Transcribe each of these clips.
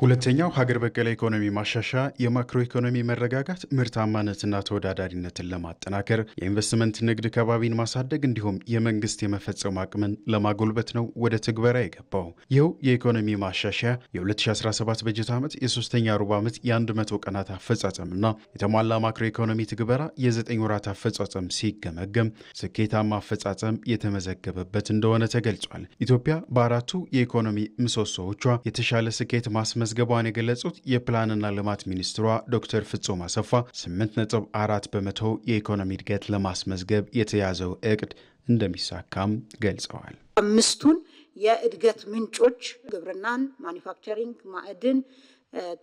ሁለተኛው ሀገር በቀል ኢኮኖሚ ማሻሻያ የማክሮ ኢኮኖሚ መረጋጋት ምርታማነትና ተወዳዳሪነትን ለማጠናከር የኢንቨስትመንት ንግድ ከባቢን ማሳደግ እንዲሁም የመንግስት የመፈጸም አቅምን ለማጎልበት ነው ወደ ትግበራ የገባው። ይኸው የኢኮኖሚ ማሻሻያ የ2017 በጀት ዓመት የሶስተኛ ሩብ ዓመት የ100 ቀናት አፈጻጸምና የተሟላ ማክሮ ኢኮኖሚ ትግበራ የዘጠኝ ወራት አፈጻጸም ሲገመገም ስኬታማ አፈጻጸም የተመዘገበበት እንደሆነ ተገልጿል። ኢትዮጵያ በአራቱ የኢኮኖሚ ምሰሶዎቿ የተሻለ ስኬት ማስመ መመዝገቧን የገለጹት የፕላንና ልማት ሚኒስትሯ ዶክተር ፍጹም አሰፋ 8.4 በመቶ የኢኮኖሚ እድገት ለማስመዝገብ የተያዘው እቅድ እንደሚሳካም ገልጸዋል። አምስቱን የእድገት ምንጮች ግብርናን፣ ማኒፋክቸሪንግ፣ ማዕድን፣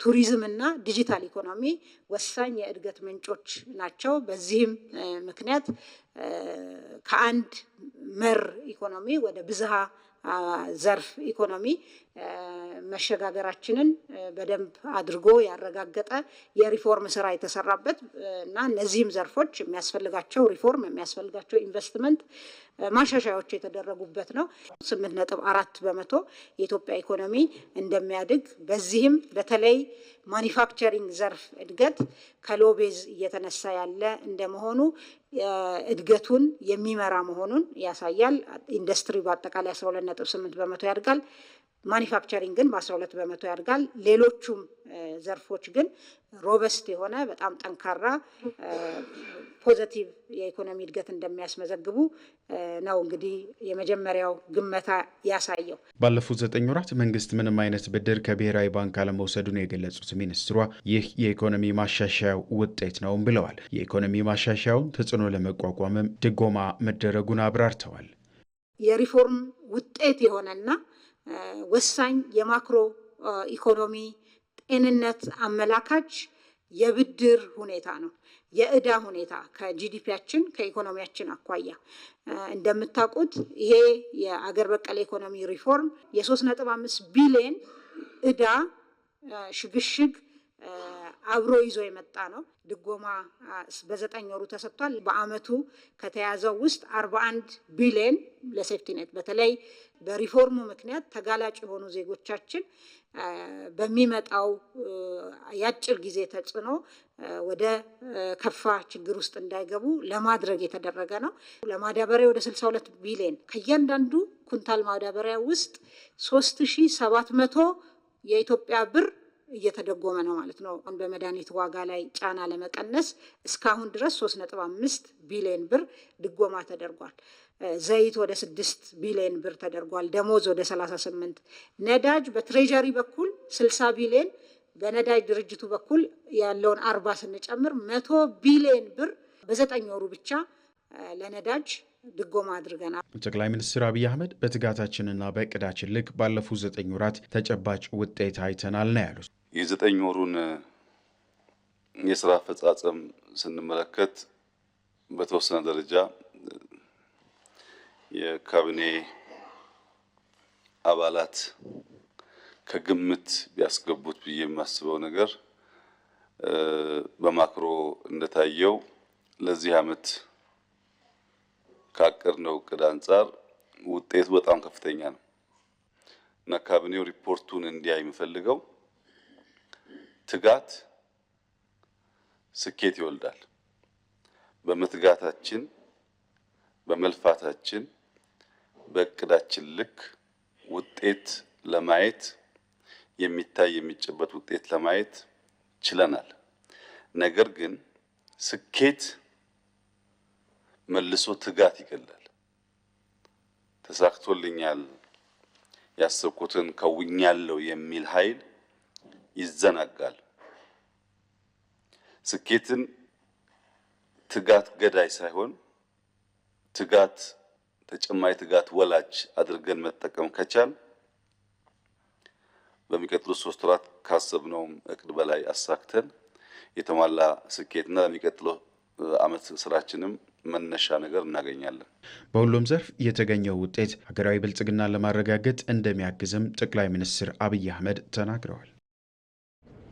ቱሪዝም እና ዲጂታል ኢኮኖሚ ወሳኝ የእድገት ምንጮች ናቸው። በዚህም ምክንያት ከአንድ መር ኢኮኖሚ ወደ ብዝሃ ዘርፍ ኢኮኖሚ መሸጋገራችንን በደንብ አድርጎ ያረጋገጠ የሪፎርም ስራ የተሰራበት እና እነዚህም ዘርፎች የሚያስፈልጋቸው ሪፎርም የሚያስፈልጋቸው ኢንቨስትመንት ማሻሻያዎች የተደረጉበት ነው። ስምንት ነጥብ አራት በመቶ የኢትዮጵያ ኢኮኖሚ እንደሚያድግ በዚህም በተለይ ማኒፋክቸሪንግ ዘርፍ እድገት ከሎቤዝ እየተነሳ ያለ እንደመሆኑ እድገቱን የሚመራ መሆኑን ያሳያል። ኢንዱስትሪ በአጠቃላይ አስራ ሁለት ነጥብ ስምንት በመቶ ያድጋል። ማኒፋክቸሪንግ ግን በአስራ ሁለት በመቶ ያድጋል። ሌሎቹም ዘርፎች ግን ሮበስት የሆነ በጣም ጠንካራ ፖዘቲቭ የኢኮኖሚ እድገት እንደሚያስመዘግቡ ነው እንግዲህ የመጀመሪያው ግመታ ያሳየው። ባለፉት ዘጠኝ ወራት መንግስት ምንም አይነት ብድር ከብሔራዊ ባንክ አለመውሰዱን የገለጹት ሚኒስትሯ ይህ የኢኮኖሚ ማሻሻያው ውጤት ነውም ብለዋል። የኢኮኖሚ ማሻሻያውን ተጽዕኖ ለመቋቋምም ድጎማ መደረጉን አብራርተዋል። የሪፎርም ውጤት የሆነና ወሳኝ የማክሮ ኢኮኖሚ ጤንነት አመላካች የብድር ሁኔታ ነው። የእዳ ሁኔታ ከጂዲፒያችን ከኢኮኖሚያችን አኳያ እንደምታውቁት ይሄ የአገር በቀል ኢኮኖሚ ሪፎርም የ3.5 ቢሊየን እዳ ሽግሽግ አብሮ ይዞ የመጣ ነው። ድጎማ በዘጠኝ ወሩ ተሰጥቷል። በአመቱ ከተያዘው ውስጥ አርባ አንድ ቢሊየን ለሴፍቲኔት በተለይ በሪፎርሙ ምክንያት ተጋላጭ የሆኑ ዜጎቻችን በሚመጣው የአጭር ጊዜ ተጽዕኖ ወደ ከፋ ችግር ውስጥ እንዳይገቡ ለማድረግ የተደረገ ነው። ለማዳበሪያ ወደ 62 ቢሊየን ከእያንዳንዱ ኩንታል ማዳበሪያ ውስጥ 3700 የኢትዮጵያ ብር እየተደጎመ ነው ማለት ነው። አሁን በመድኃኒት ዋጋ ላይ ጫና ለመቀነስ እስካሁን ድረስ ሶስት ነጥብ አምስት ቢሊዮን ብር ድጎማ ተደርጓል። ዘይት ወደ ስድስት ቢሊዮን ብር ተደርጓል። ደሞዝ ወደ ሰላሳ ስምንት ነዳጅ በትሬጀሪ በኩል ስልሳ ቢሊዮን በነዳጅ ድርጅቱ በኩል ያለውን አርባ ስንጨምር መቶ ቢሊዮን ብር በዘጠኝ ወሩ ብቻ ለነዳጅ ድጎማ አድርገናል። ጠቅላይ ሚኒስትር አብይ አህመድ በትጋታችንና በእቅዳችን ልክ ባለፉት ዘጠኝ ወራት ተጨባጭ ውጤት አይተናል ነው ያሉት። የዘጠኝ ወሩን የስራ አፈጻጸም ስንመለከት በተወሰነ ደረጃ የካቢኔ አባላት ከግምት ቢያስገቡት ብዬ የማስበው ነገር በማክሮ እንደታየው ለዚህ ዓመት ካቀድነው እቅድ አንጻር ውጤቱ በጣም ከፍተኛ ነው እና ካቢኔው ሪፖርቱን እንዲያይ የምፈልገው ትጋት ስኬት ይወልዳል። በመትጋታችን በመልፋታችን በእቅዳችን ልክ ውጤት ለማየት የሚታይ የሚጨበት ውጤት ለማየት ችለናል። ነገር ግን ስኬት መልሶ ትጋት ይገላል። ተሳክቶልኛል፣ ያሰብኩትን ከውኛለሁ የሚል ኃይል ይዘናጋል። ስኬትን ትጋት ገዳይ ሳይሆን ትጋት ተጨማሪ ትጋት ወላጅ አድርገን መጠቀም ከቻል በሚቀጥሉት ሶስት ወራት ካሰብነውም እቅድ በላይ አሳክተን የተሟላ ስኬትና ለሚቀጥለው አመት ስራችንም መነሻ ነገር እናገኛለን። በሁሉም ዘርፍ የተገኘው ውጤት ሀገራዊ ብልጽግናን ለማረጋገጥ እንደሚያግዝም ጠቅላይ ሚኒስትር አብይ አህመድ ተናግረዋል።